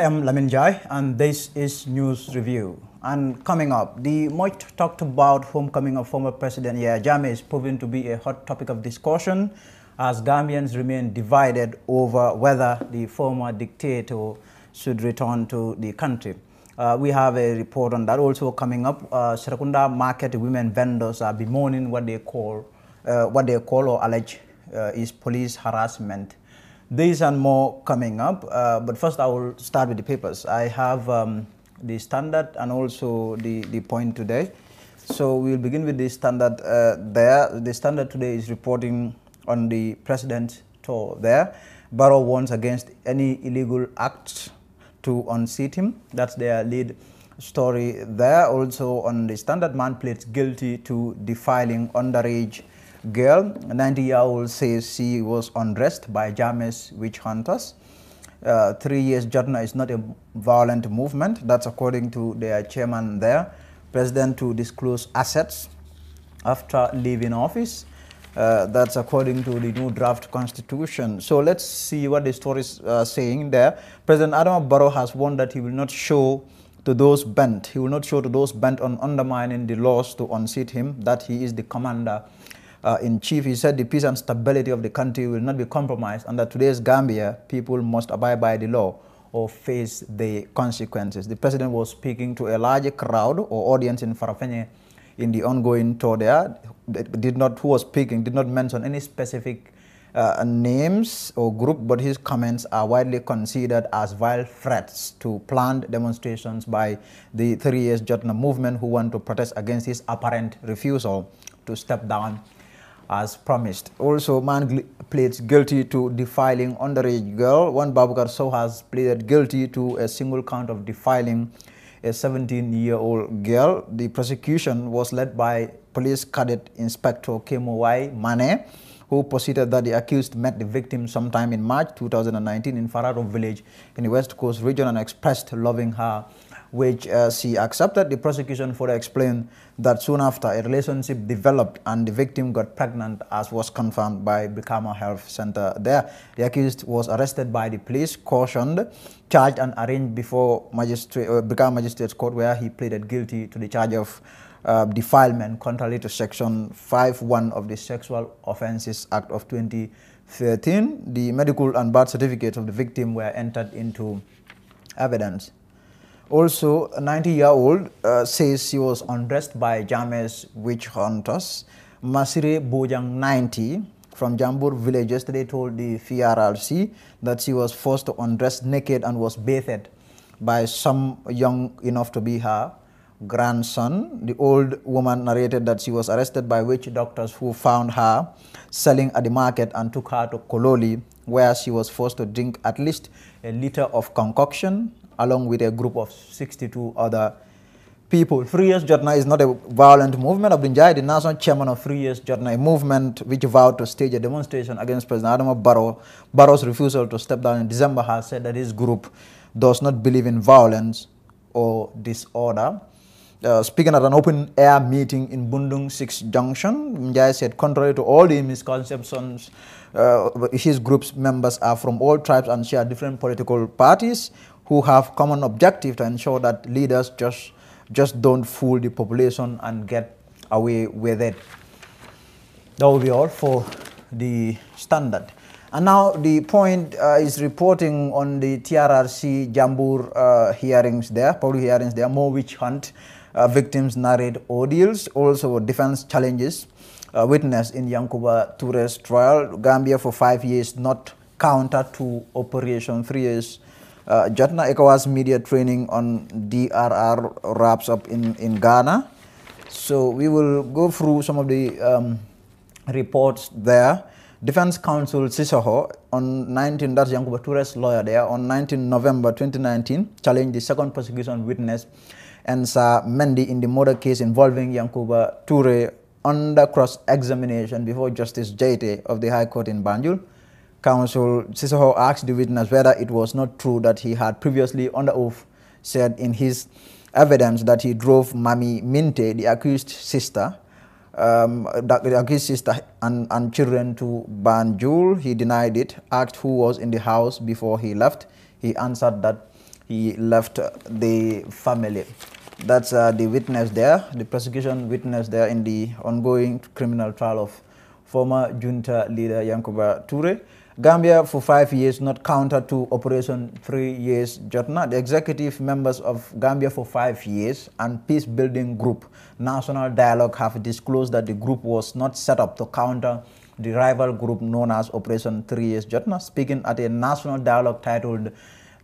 I am Lamin Jai and this is News Review. And coming up, the much talked about homecoming of former President Yahya Jammeh is proving to be a hot topic of discussion as Gambians remain divided over whether the former dictator should return to the country. Uh, we have a report on that also coming up. Uh, market women vendors are bemoaning what they call, uh, what they call or allege uh, is police harassment these and more coming up, uh, but first I will start with the papers. I have um, the standard and also the, the point today. So we'll begin with the standard uh, there. The standard today is reporting on the president's tour there. Barrow warns against any illegal acts to unseat him. That's their lead story there. Also on the standard man pleads guilty to defiling underage girl, 90-year-old says she was undressed by James witch hunters. Uh, three years Jatna is not a violent movement. That's according to their chairman there. President to disclose assets after leaving office. Uh, that's according to the new draft constitution. So let's see what the story is uh, saying there. President Adam Barrow has warned that he will not show to those bent, he will not show to those bent on undermining the laws to unseat him that he is the commander uh, in chief, he said the peace and stability of the country will not be compromised and that today's Gambia people must abide by the law or face the consequences. The president was speaking to a large crowd or audience in Farafenye in the ongoing tour there. Did not, who was speaking did not mention any specific uh, names or group, but his comments are widely considered as vile threats to planned demonstrations by the three years Jotna movement who want to protest against his apparent refusal to step down as promised. Also, man pleads guilty to defiling underage girl. One Babukar So has pleaded guilty to a single count of defiling a 17-year-old girl. The prosecution was led by police cadet inspector Kemowai Mane, who posited that the accused met the victim sometime in March 2019 in Fararo village in the West Coast region and expressed loving her which uh, she accepted. The prosecution further explained that soon after a relationship developed and the victim got pregnant as was confirmed by Brikama Health Center there. The accused was arrested by the police, cautioned, charged and arraigned before magistrate, uh, Brikama Magistrates Court where he pleaded guilty to the charge of uh, defilement contrary to section 5.1 of the Sexual Offences Act of 2013. The medical and birth certificates of the victim were entered into evidence. Also, a 90-year-old uh, says she was undressed by James witch hunters. Masire Bojang, 90, from Jambur village yesterday told the FRRC that she was forced to undress naked and was bathed by some young enough to be her grandson. The old woman narrated that she was arrested by witch doctors who found her selling at the market and took her to Kololi, where she was forced to drink at least a liter of concoction along with a group of 62 other people. Free Yes Jotna is not a violent movement. Abdul the national chairman of Free Yes Jotna, a movement which vowed to stage a demonstration against President Adama Barrow, Barrow's refusal to step down in December, has said that his group does not believe in violence or disorder. Uh, speaking at an open air meeting in Bundung 6 Junction, Mjai said, contrary to all the misconceptions, uh, his group's members are from all tribes and share different political parties who have common objective to ensure that leaders just, just don't fool the population and get away with it. That will be all for the standard. And now the point uh, is reporting on the TRRC Jambur uh, hearings there, public hearings there, more witch hunt, uh, victims narrate ordeals, also defense challenges, uh, witness in Yankuba Toure's trial, Gambia for five years not counter to Operation Three Years uh, Jatna ECOWAS media training on DRR wraps up in, in Ghana. So we will go through some of the um, reports there. Defense Counsel Sisoho on 19, that's Yankuba lawyer there, on 19 November 2019, challenged the second prosecution witness Ensa Mendy in the murder case involving Yankuba Toure under cross-examination before Justice J T of the High Court in Banjul. Counsel Cicero asked the witness whether it was not true that he had previously, under oath, said in his evidence that he drove Mami Minte, the accused sister, um, the accused sister and, and children to Banjul. He denied it, asked who was in the house before he left. He answered that he left the family. That's uh, the witness there, the prosecution witness there in the ongoing criminal trial of former junta leader Yankuba Ture. Gambia for five years, not counter to Operation Three Years Jotna. The executive members of Gambia for five years and Peace Building Group National Dialogue have disclosed that the group was not set up to counter the rival group known as Operation Three Years Jotna. Speaking at a national dialogue titled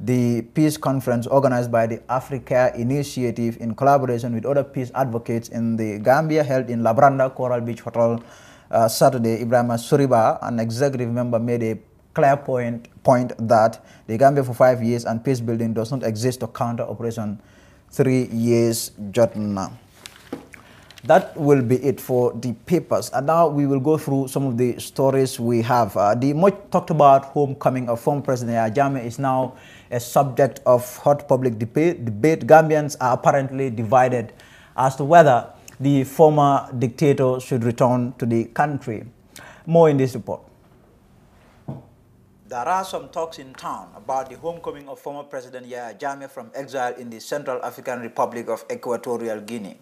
the peace conference organized by the Africa Initiative in collaboration with other peace advocates in the Gambia held in Labranda Coral Beach Hotel uh, Saturday, Ibrahim Suriba, an executive member, made a clear point, point that the Gambia for five years and peace building does not exist to counter Operation Three Years Jotna. That will be it for the papers. And now we will go through some of the stories we have. Uh, the much talked about homecoming of former President Ajame is now a subject of hot public debate. Gambians are apparently divided as to whether the former dictator should return to the country. More in this report. There are some talks in town about the homecoming of former President Yahya Jammeh from exile in the Central African Republic of Equatorial Guinea.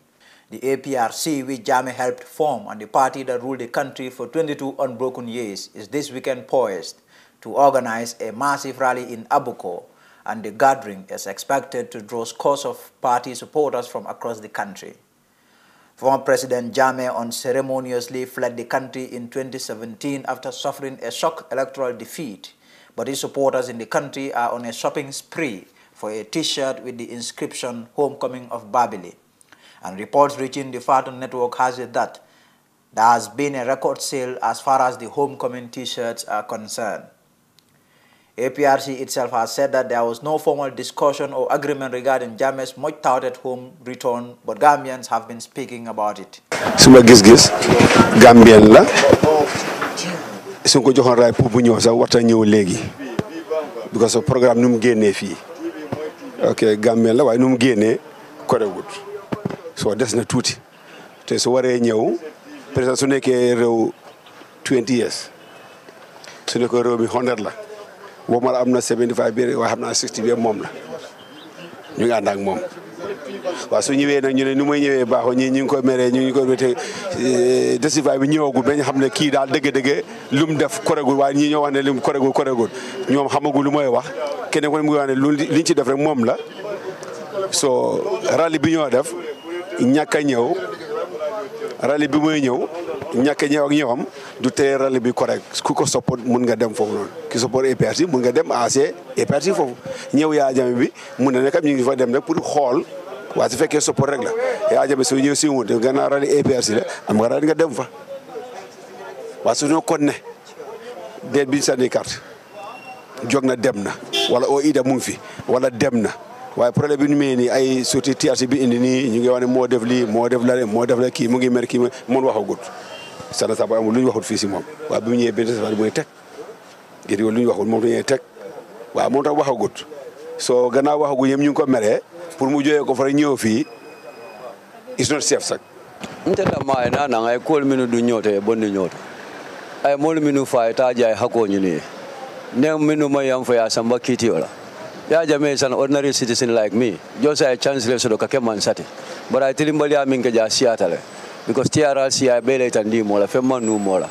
The APRC, which Jammeh helped form, and the party that ruled the country for 22 unbroken years, is this weekend poised to organize a massive rally in Abuko, and the gathering is expected to draw scores of party supporters from across the country. Former President Jame unceremoniously fled the country in 2017 after suffering a shock electoral defeat, but his supporters in the country are on a shopping spree for a t-shirt with the inscription Homecoming of Babili. And reports reaching the Phaeton network has it that there has been a record sale as far as the homecoming t-shirts are concerned. APRC itself has said that there was no formal discussion or agreement regarding Jammeh's much touted home return, but Gambians have been speaking about it. suma gis-gis Gambien la su ko joxoon raay pour bu ñëw sax warta ñëw léegi because of programme nu mu génnee fii ok Gambien la waaye nu mu génnee korewut soo des na tuuti te su waree ñëw président su nekkee réew 20 years mi 100 la. boobu ma am na 75 bi waaye xam na 60 bi moom la ñu ngi ak moom. waaw su ñëwee nag ñu ne nu may ñëwee baaxoo ñii ñu ngi koy meree ñu ngi koy méttee décision eh, bi ñëwagul ba ñu xam ne kii daal dëgg-dëgg lu mu def koregul waaye ñii ñoo wax ne lu mu koregul koregul ñoom xamagul lu mooy wax kene ku ne mu ngi wax ne lu liñ ci def rek moom la soo rali bi ñoo def ñàkk a ñëw rali bi mooy ñëw. ñàkk ñëw ak ñëwam du tee rallye bi correct ku ko support mun nga dem foofu noonu ki support APRC mun nga dem AC APRC foofu ñëw Yaya Jammeh bi mun na nekk ñu ngi fa dem na pour xool waa su fekkee support rek la Yaya Jammeh su ñëw si wut gannaaw rallye APRC la am nga rallye nga dem fa waa su ñoo kon ne déet biñ sànni carte jóg na dem na wala OIDA mu ngi fi wala dem na waaye problème bi ñu mee nii ay surtout TRC bi indi nii ñu ngi wax ne moo def lii moo def la moo def la kii mu ngi merki kii mun waxagut sana Samba amul lu ñu waxul fii si moom waaw bi mu ñëwee benn safari mooy teg yéen lu ñu waxul moom la ñuy teg waaw moom tax waxagut so gannaaw waxagu yëm ñu ngi ko meree pour mu jooyee ko fa ñëw fii is not safe sax. ntenda maa na na ngai e kol minu du nyote e bondi nyote ai e mol minu fay ta jai hako ni ne minu mai am fa samba kiti ola ya jame san ordinary citizen like me just a chance le so do kake man sati but i him bali ke ja siatale because TRLC ya bela itandi mola femma nu mola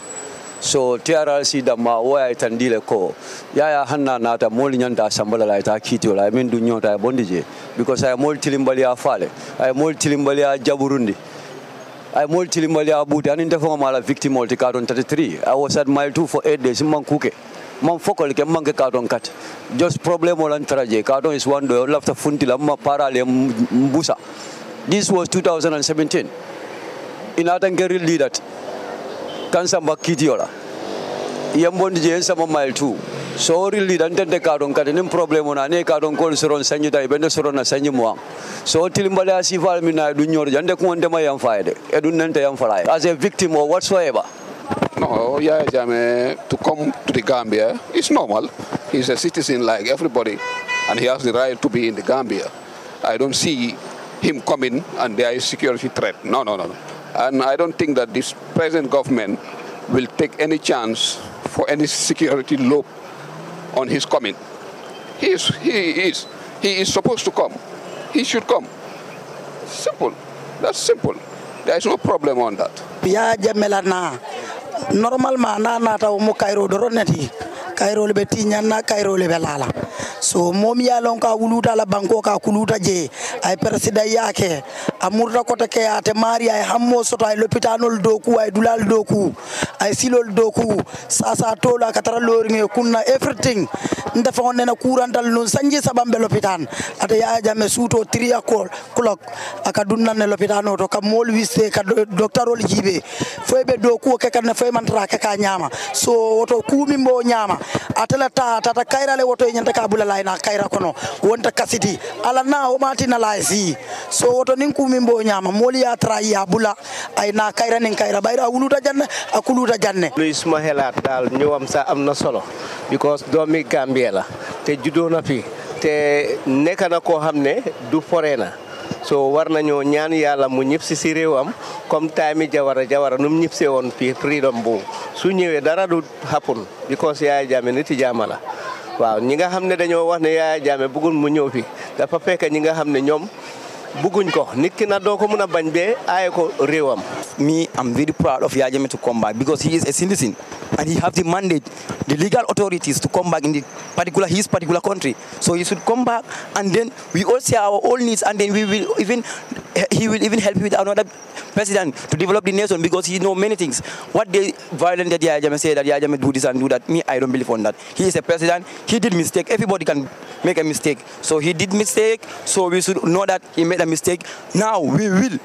so TRLC da ma waya itandi le ko yaya hanna nata moli nyanta sambala la ita kiti wala min dunyo ta bondije because ay moli tilimbali ya fale ay moli tilimbali ya jaburundi moli tilimbali ya abuti ani ndefo mala victim multi cardon 33 I was at mile 2 for 8 days man kuke man fokol ke man ke cardon kat just problem olan traje cardon is one do lafta funti la ma para le mbusa this was 2017 inatan geri lidat kan samba kitiola yambondi je samba mile 2 sori lidat tente kadon kade nim problem ona ne kadon kol soron sanyi dai bende soron na sanyu mo so tilimbale asifal mina du nyor jande ko wonde yam fayde e dun nante yam falay as a victim or whatsoever no yeah jame to come to the gambia is normal he's a citizen like everybody and he has the right to be in the gambia i don't see him coming and there is security threat no no no, no. And I don't think that this present government will take any chance for any security loop on his coming. He is, he is, he is supposed to come. He should come. Simple. That's simple. There is no problem on that. Ya na Normal ma na na ta umu Cairo doroneti. Cairo lebe tinya Cairo lebe so moom ya lon ka wuluta la banko ka kuluta je ay presida yake amurta kota ke ate mari ay hammo soto ay lopitanol doku ay dulal doku ay silol doku sasa tola katara loringe kunna everything ndafa na kurantal non sanji sabambe lopitan ate ya jame suto triya kol clock aka dunnanne lopitano to kam mol wiste ka docteur ol jibe foybe doku ke kan foy man tra ka nyama so woto kumi mbo nyama atela ta tata kairale woto nyanta tabula layna kayra kono wonta kasiti ala na o matina lay si so woto nin ku min nyama moli ya tra ya bula ay na kayra nin kaira bayra wuluta janne akuluta janne luy suma helat dal ñewam sa amna solo because domi gambia la te judo na fi te nekk na hamne du forena so war nañoo ñaan yàlla mu ñëpp si si réewam comme taami jawara jawara num mu ñëpp see woon freedom bu su ñëwee dara du happen because yaay jaame nit yi waaw ñi nga xam ne dañoo wax ne Yaya Jammeh bëggul mu ñëw fi dafa fekk ñi nga xam ne ñoom bëgguñ ko nit ki na doo ko mën a bañ bee aaye ko réewam. me, I'm very proud of Yajeme to come back because he is a citizen and he have the mandate, the legal authorities to come back in the particular his particular country. So he should come back and then we all see our own needs and then we will even he will even help with another president to develop the nation because he know many things. What they violent that Yajeme say that Yajeme do this and do that, me I don't believe on that. He is a president, he did mistake. Everybody can make a mistake. So he did mistake, so we should know that he made a mistake. Now we will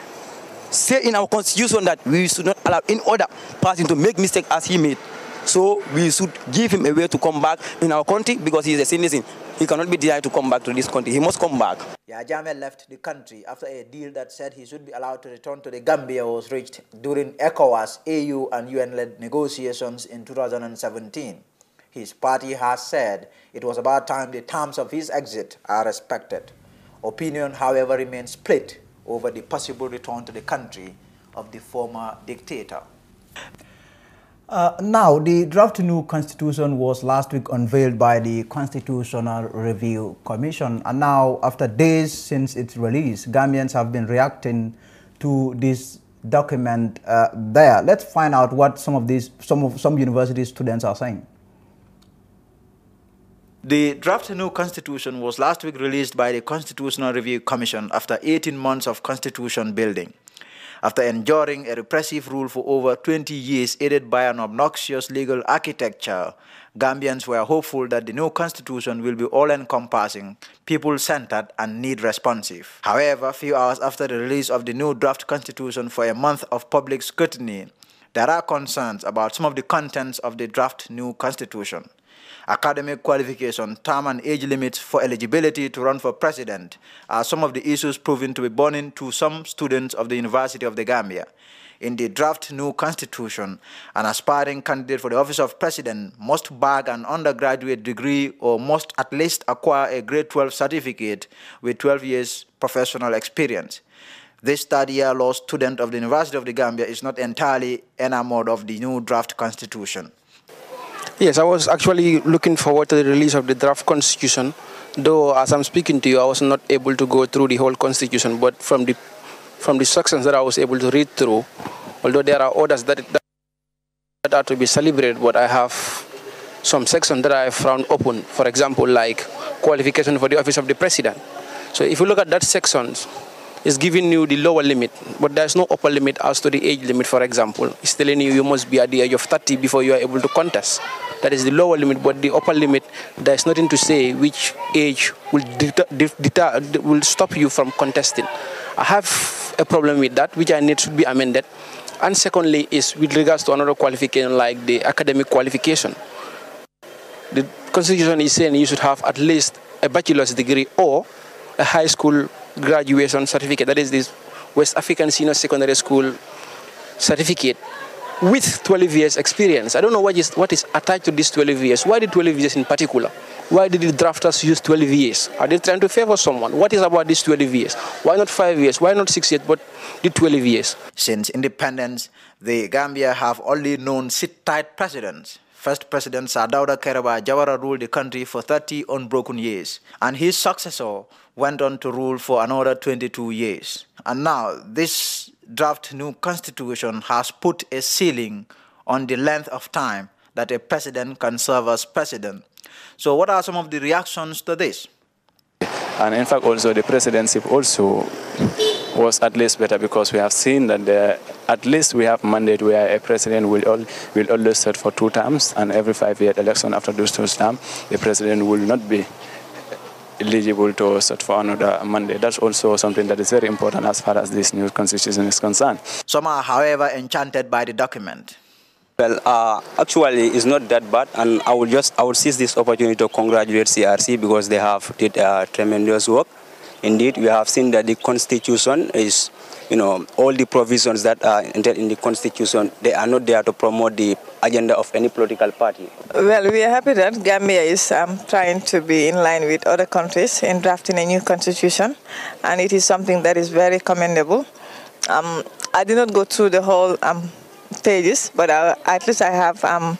say in our constitution that we should not allow any other person to make mistake as he made. So we should give him a way to come back in our country because he is a citizen. He cannot be denied to come back to this country. He must come back. Yajame left the country after a deal that said he should be allowed to return to the Gambia was reached during ECOWAS, AU and UN-led negotiations in 2017. His party has said it was about time the terms of his exit are respected. Opinion, however, remains split over the possible return to the country of the former dictator. Uh, now, the draft new constitution was last week unveiled by the Constitutional Review Commission. And now, after days since its release, Gambians have been reacting to this document uh, there. Let's find out what some of these, some of some university students are saying. The draft new constitution was last week released by the Constitutional Review Commission after 18 months of constitution building. After enduring a repressive rule for over 20 years aided by an obnoxious legal architecture, Gambians were hopeful that the new constitution will be all-encompassing, people-centered, and need-responsive. However, few hours after the release of the new draft constitution for a month of public scrutiny, there are concerns about some of the contents of the draft new constitution academic qualification, term and age limits for eligibility to run for president are some of the issues proven to be burning to some students of the University of the Gambia. In the draft new constitution, an aspiring candidate for the office of president must bag an undergraduate degree or must at least acquire a grade 12 certificate with 12 years professional experience. This third year law student of the University of the Gambia is not entirely enamored of the new draft constitution. Yes, I was actually looking forward to the release of the draft constitution, though as I'm speaking to you, I was not able to go through the whole constitution, but from the from the sections that I was able to read through, although there are orders that, that are to be celebrated, but I have some sections that I found open, for example, like qualification for the office of the president. So if you look at that sections, it's giving you the lower limit, but there's no upper limit as to the age limit, for example. It's telling you you must be at the age of 30 before you are able to contest. That is the lower limit, but the upper limit, there's nothing to say which age will, deter, deter, will stop you from contesting. I have a problem with that, which I need to be amended. And secondly, is with regards to another qualification like the academic qualification. The constitution is saying you should have at least a bachelor's degree or a high school graduation certificate, that is this West African Senior Secondary School certificate with 12 years experience. I don't know what is, what is attached to this 12 years. Why did 12 years in particular? Why did the drafters use 12 years? Are they trying to favor someone? What is about this 12 years? Why not 5 years? Why not 6 years, but the 12 years? Since independence, the Gambia have only known sit-tight presidents. First President Sadauda Kairaba Jawara ruled the country for 30 unbroken years, and his successor went on to rule for another 22 years. And now, this draft new constitution has put a ceiling on the length of time that a president can serve as president. So, what are some of the reactions to this? And in fact, also the presidency also was at least better because we have seen that the, at least we have mandate where a president will all, will only sit for two terms, and every five-year election after those two terms, the president will not be eligible to sort for another mandate. That's also something that is very important as far as this new constitution is concerned. Some are, however, enchanted by the document. Well, uh, actually, it's not that bad, and I will just I will seize this opportunity to congratulate CRC because they have did uh, tremendous work. Indeed, we have seen that the constitution is, you know, all the provisions that are entered in the constitution, they are not there to promote the agenda of any political party? Well, we are happy that Gambia is um, trying to be in line with other countries in drafting a new constitution, and it is something that is very commendable. Um, I did not go through the whole um, pages, but I, at least I have um,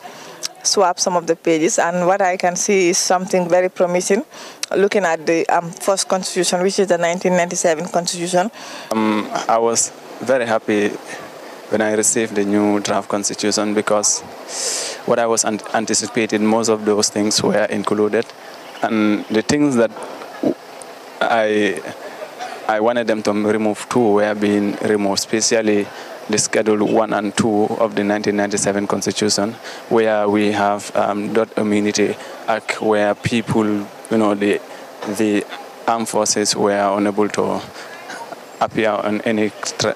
swapped some of the pages, and what I can see is something very promising. Looking at the um, first constitution, which is the 1997 constitution, um, I was very happy when I received the new draft constitution because what I was an- anticipating, most of those things were included, and the things that I I wanted them to remove too were being removed, especially the Schedule 1 and 2 of the 1997 Constitution, where we have um, dot immunity act, where people, you know, the the armed forces were unable to appear on any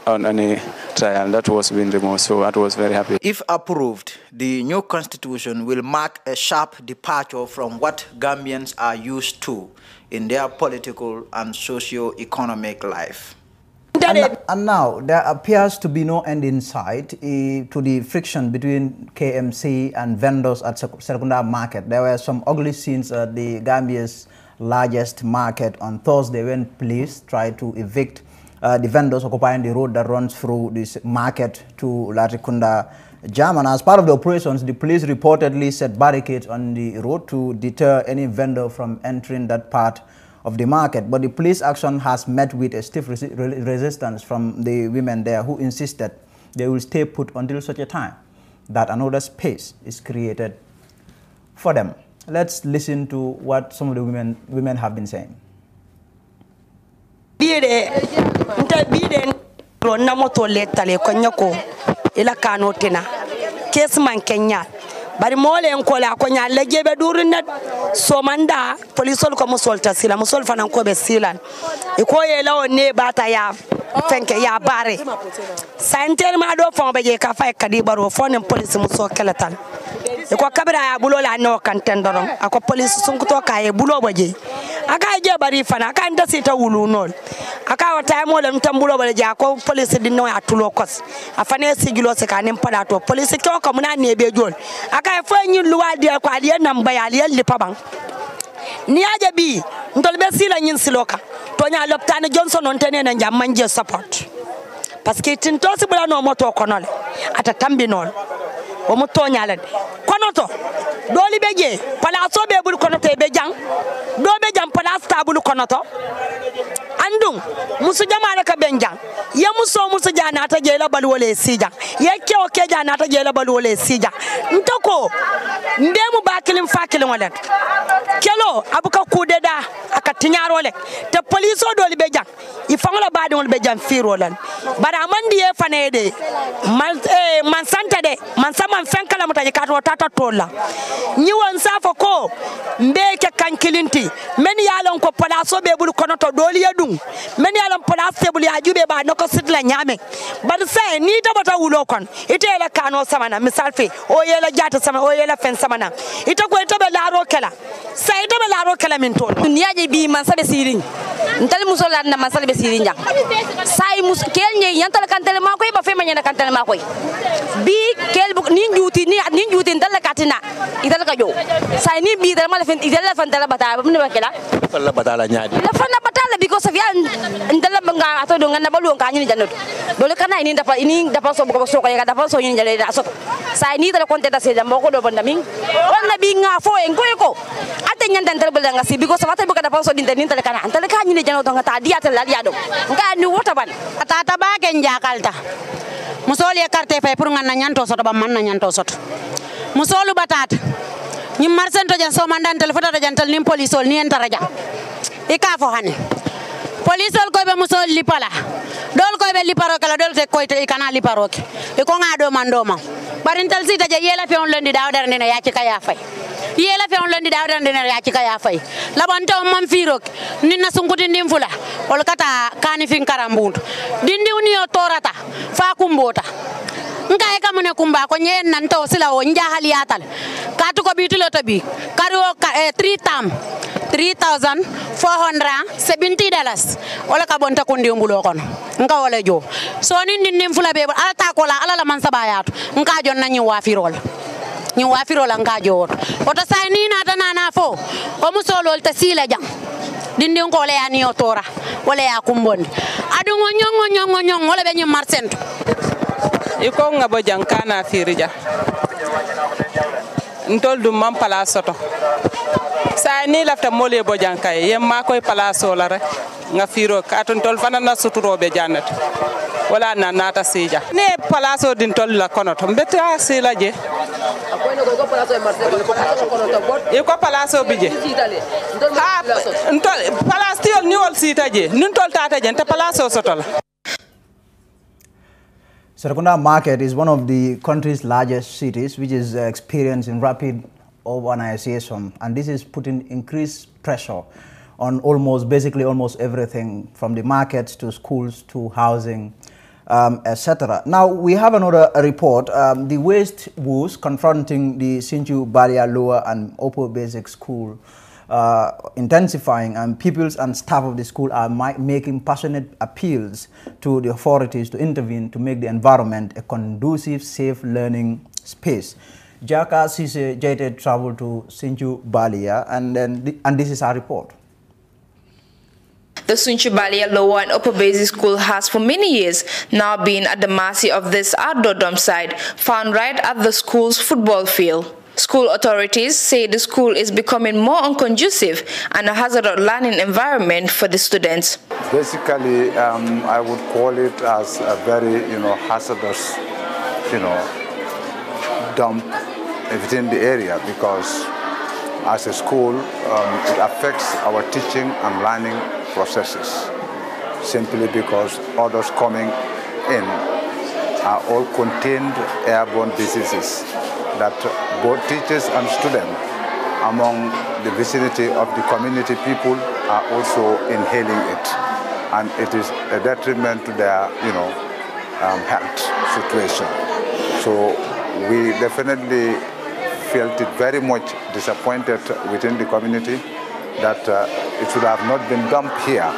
on any trial. That was been removed, so that was very happy. If approved, the new constitution will mark a sharp departure from what Gambians are used to in their political and socio-economic life. And, and, now there appears to be no end in sight uh, to the friction between KMC and vendors at secondary market. There were some ugly scenes at the Gambia's largest market on Thursday when police tried to evict uh, the vendors occupying the road that runs through this market to Latikunda, jam. And as part of the operations, the police reportedly set barricades on the road to deter any vendor from entering that part of the market. But the police action has met with a stiff resistance from the women there who insisted they will stay put until such a time that another space is created for them. Let's listen to what some of the women, women have been saying. bire nte bire ro na moto le tale ko nyako ila kano tina kes man kenya bari mole en ko la ko nya la jebe duru net so manda polisol ko musol ta sila musol fanan ko be silan e ko ye lawo ne bata ya fenke ya bare santer ma do fon be je ka fay e kadi baro fon police muso keletal iko kabira ya bulo la no kanten doron ako police sun to ka e bulo baje aka je bari fana aka nda sita wulu nol aka wata mo lam tan bulo baje ako police din no atulo kos afane sigilo se kanin pada to police to ko muna ne be jol aka fanyi luwadi ko aliyan nan bayaliyan bang ni aje bi ntol be sila nyin siloka to nya loptane johnson on na jam manje support parce que tin to sibula no moto konole ata tambi non womo toñalen konoto ɗoli ɓe ƴee place o ɓe ɓuuri konoto e ɓe jang ɗo ɓe jang place ta ɓuuri konoto andun musu jamara ka benja ya muso musu jana ta je la balu sija ya ke o ke jana ta je la sija ntoko nde mu bakilin fakilin wala kelo abuka kudeda da aka te police do li beja i fangla badin wala beja firo lan bara amandi e fane de man eh, man santa de man sama fenkala mutaje kato tata tola nyi wansa fo ko mbe kilinti men ye ko palaso be bul konoto doli ye dun men ye lon palaso bul ya jube ba noko sitla nyame bar oh, oh, sai ni tabata wulo kon ite la kano samana misal fe o ye la jata sama o yela fen samana ite ko ite be laro kala sai ite be laro kala min ton niya je bi man sabe sirin ntali muso la na masal be sirin jang sai mus kel nye yantal kantel ma koy ba fe ma nyana kantel ma koy bi kel bu ni njuti ni njuti ndal katina idal ka jo sai ni bi dal ma fen idal fen dal batala bum ne bakela falla batala nyaadi la falla batala because of yan ndala banga ato do ngana balu ka nyini janoto dole kana ini dapat ini dapat so buka so kaya dapat so nyini jale asot sa ini tala konte ya, anu, ta seja mboko do banda ming wala binga fo en ko ko ate nyandan tala bala ngasi because of ate buka dapat so dinta ninta kana antala ka nyini janoto ngata dia tala dia do ngani wota ban atata ba ken jakalta musol ye carte fay pour ngana nyanto soto ba man na nyanto soto musolu batata ñim marsen toja somandan telefota tojantal nin polisol ni entaraja i ka fo hane be muso li lipala dol li paro la dol te koyte i kana ke i ko ŋa ɗoman si ta ja yela fewon londi ɗawo ɗer ya ci ka fay yela fe on londi da wadande ne ya kika ya fay la bonto man firok ninna fula ndimfula ol kata kani fin karambundu dindi yo torata fa kumbota nkaye kamune kumba ko nyen nanta o sila o njahali yatal katu ko bitulo to bi kari o ka, eh, 3 tam 3470 dollars wala ka bonta kundi umbulo kono nka wala jo so nin ndim fula be ala ta ko la ala la man sabayatu nka jonna nyi wafirol ñiŋ waafirola nka jowoto woto saye niŋ na na fo o musoololu te sii le jaŋ dindinko ko le ye ni o toora wo le ye a kumbondi aduŋo ñoŋo ñoŋo ñoŋ wo le be ñiŋ marisento i ko ŋa bo jaŋ ka na fiiri ja ntolu dum maŋ palaa soto saye ni lafta moolu bo jaŋ ka koy yeŋ maakoyi palaasoo rek ŋa fiiroo kaatu ntolu fanaŋ na suturoo be jaŋ wala sija ne din tolla mbete je ko bije ntol ni wol sita je nun je Serekunda market is one of the country's largest cities, which is uh, experiencing rapid urbanization, and this is putting increased pressure on almost, basically almost everything, from the markets to schools to housing um, etc. Now, we have another report, um, the waste was confronting the Sinju Balia Lower and Upper Basic School uh, intensifying and pupils and staff of the school are making passionate appeals to the authorities to intervene to make the environment a conducive, safe learning space. Jaka Sise Jete traveled to Sinju Balia and, then th and this is our report. The Sunchibalia Lower and Upper Basic School has for many years now been at the mercy of this outdoor dump site found right at the school's football field. School authorities say the school is becoming more unconducive and a hazardous learning environment for the students. Basically, um, I would call it as a very, you know, hazardous, you know, dump within the area because as a school, um, it affects our teaching and learning processes simply because others coming in are all contained airborne diseases that both teachers and students among the vicinity of the community people are also inhaling it and it is a detriment to their you know um, health situation so we definitely felt it very much disappointed within the community that uh, it should have not been dumped here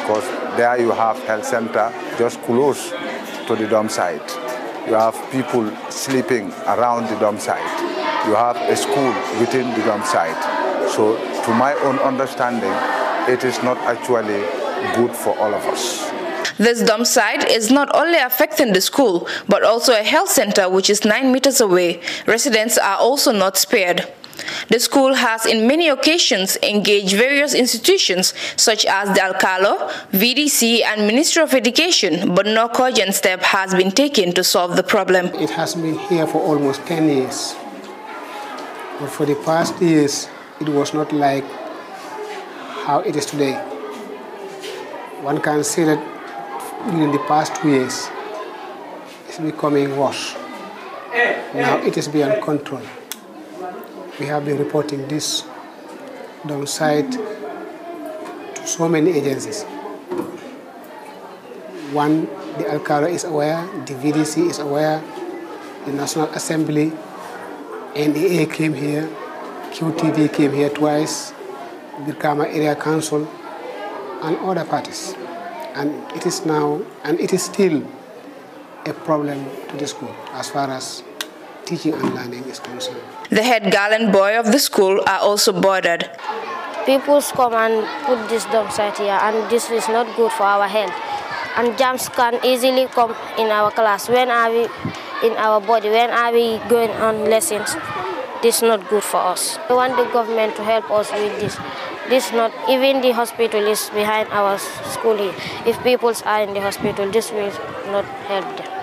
because there you have health center just close to the dump site. You have people sleeping around the dump site. You have a school within the dump site. So to my own understanding, it is not actually good for all of us. This dump site is not only affecting the school, but also a health center which is 9 meters away. Residents are also not spared. The school has in many occasions engaged various institutions such as the Alcalo, VDC and Ministry of Education, but no cogent step has been taken to solve the problem. It has been here for almost 10 years. But for the past years, it was not like how it is today. One can say that in the past two years, it's becoming worse. Now it is beyond control we have been reporting this downside to so many agencies. One, the Alcara is aware, the VDC is aware, the National Assembly, NEA came here, QTV came here twice, Birkama Area Council, and other parties. And it is now, and it is still a problem to the school as far as teaching and learning is concerned. The head girl and boy of the school are also bothered. People come and put this dump site here, and this is not good for our health. And germs can easily come in our class. When are we in our body? When are we going on lessons? This is not good for us. We want the government to help us with this this not even the hospital is behind our school here. If people are in the hospital, this will not help them.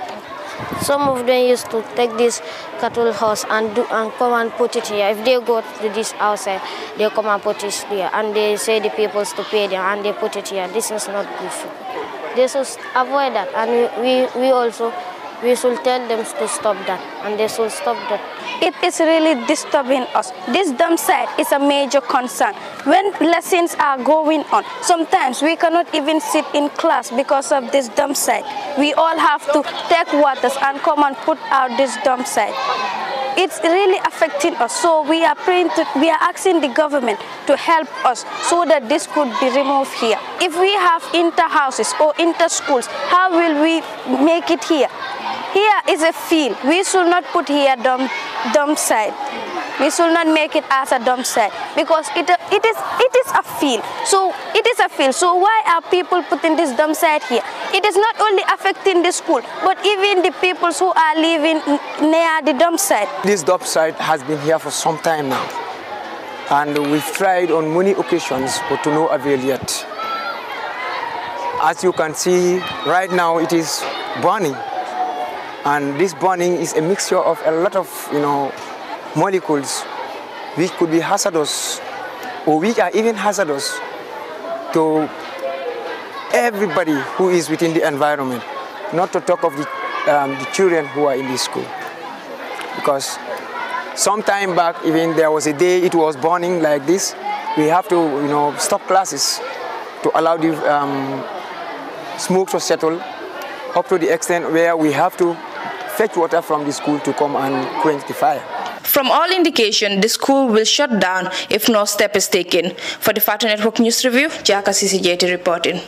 Some of them used to take this cattle house and do and come and put it here. If they go to this outside, eh, they come and put it here. And they say the people to pay them and they put it here. This is not good. They should avoid that. And we, we also we should tell them to stop that, and they should stop that. It is really disturbing us. This dump site is a major concern. When lessons are going on, sometimes we cannot even sit in class because of this dump site. We all have to take waters and come and put out this dump site. It's really affecting us, so we are, praying to, we are asking the government to help us so that this could be removed here. If we have inter-houses or inter-schools, how will we make it here? Here is a field. We should not put here dump, dump site. We should not make it as a dump site because it, it, is, it is a field. So it is a field. So why are people putting this dump site here? It is not only affecting the school, but even the people who are living near the dump site. This dump site has been here for some time now. And we've tried on many occasions, but to no avail yet. As you can see, right now it is burning. And this burning is a mixture of a lot of you know molecules which could be hazardous or which are even hazardous to everybody who is within the environment, not to talk of the, um, the children who are in the school. Because some time back, even there was a day it was burning like this, we have to you know, stop classes to allow the um, smoke to settle up to the extent where we have to fetch water from the school to come and quench the fire. From all indication, the school will shut down if no step is taken. For the Fata Network News Review, Jaka CCJT reporting.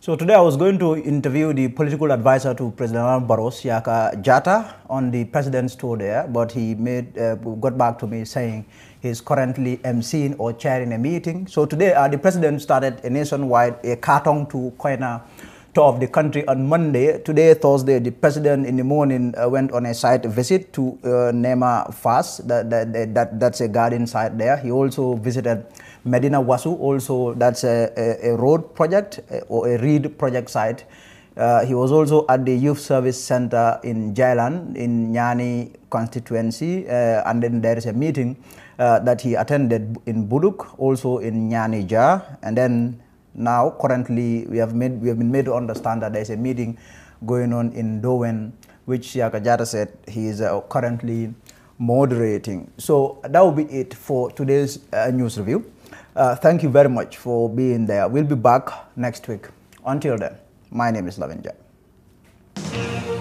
So today I was going to interview the political advisor to President Barros, Yaka Jata, on the president's tour there, but he made, uh, got back to me saying he's currently emceeing or chairing a meeting. So today uh, the president started a nationwide a carton to Koina tour of the country on Monday. Today, Thursday, the president in the morning uh, went on a site visit to uh, Nema Fast. That, that, that, that's a garden site there. He also visited Medina Wasu, also that's a, a, a road project uh, or a reed project site. Uh, he was also at the Youth Service Center in Jailan in Nyani constituency, uh, and then there is a meeting uh, that he attended in Buduk, also in Nyani Ja, and then now currently we have made we have been made to understand that there is a meeting going on in Doen, which Yakajata said he is uh, currently moderating. So that will be it for today's uh, news review. Uh, thank you very much for being there. We'll be back next week. Until then, my name is Lavin Jai.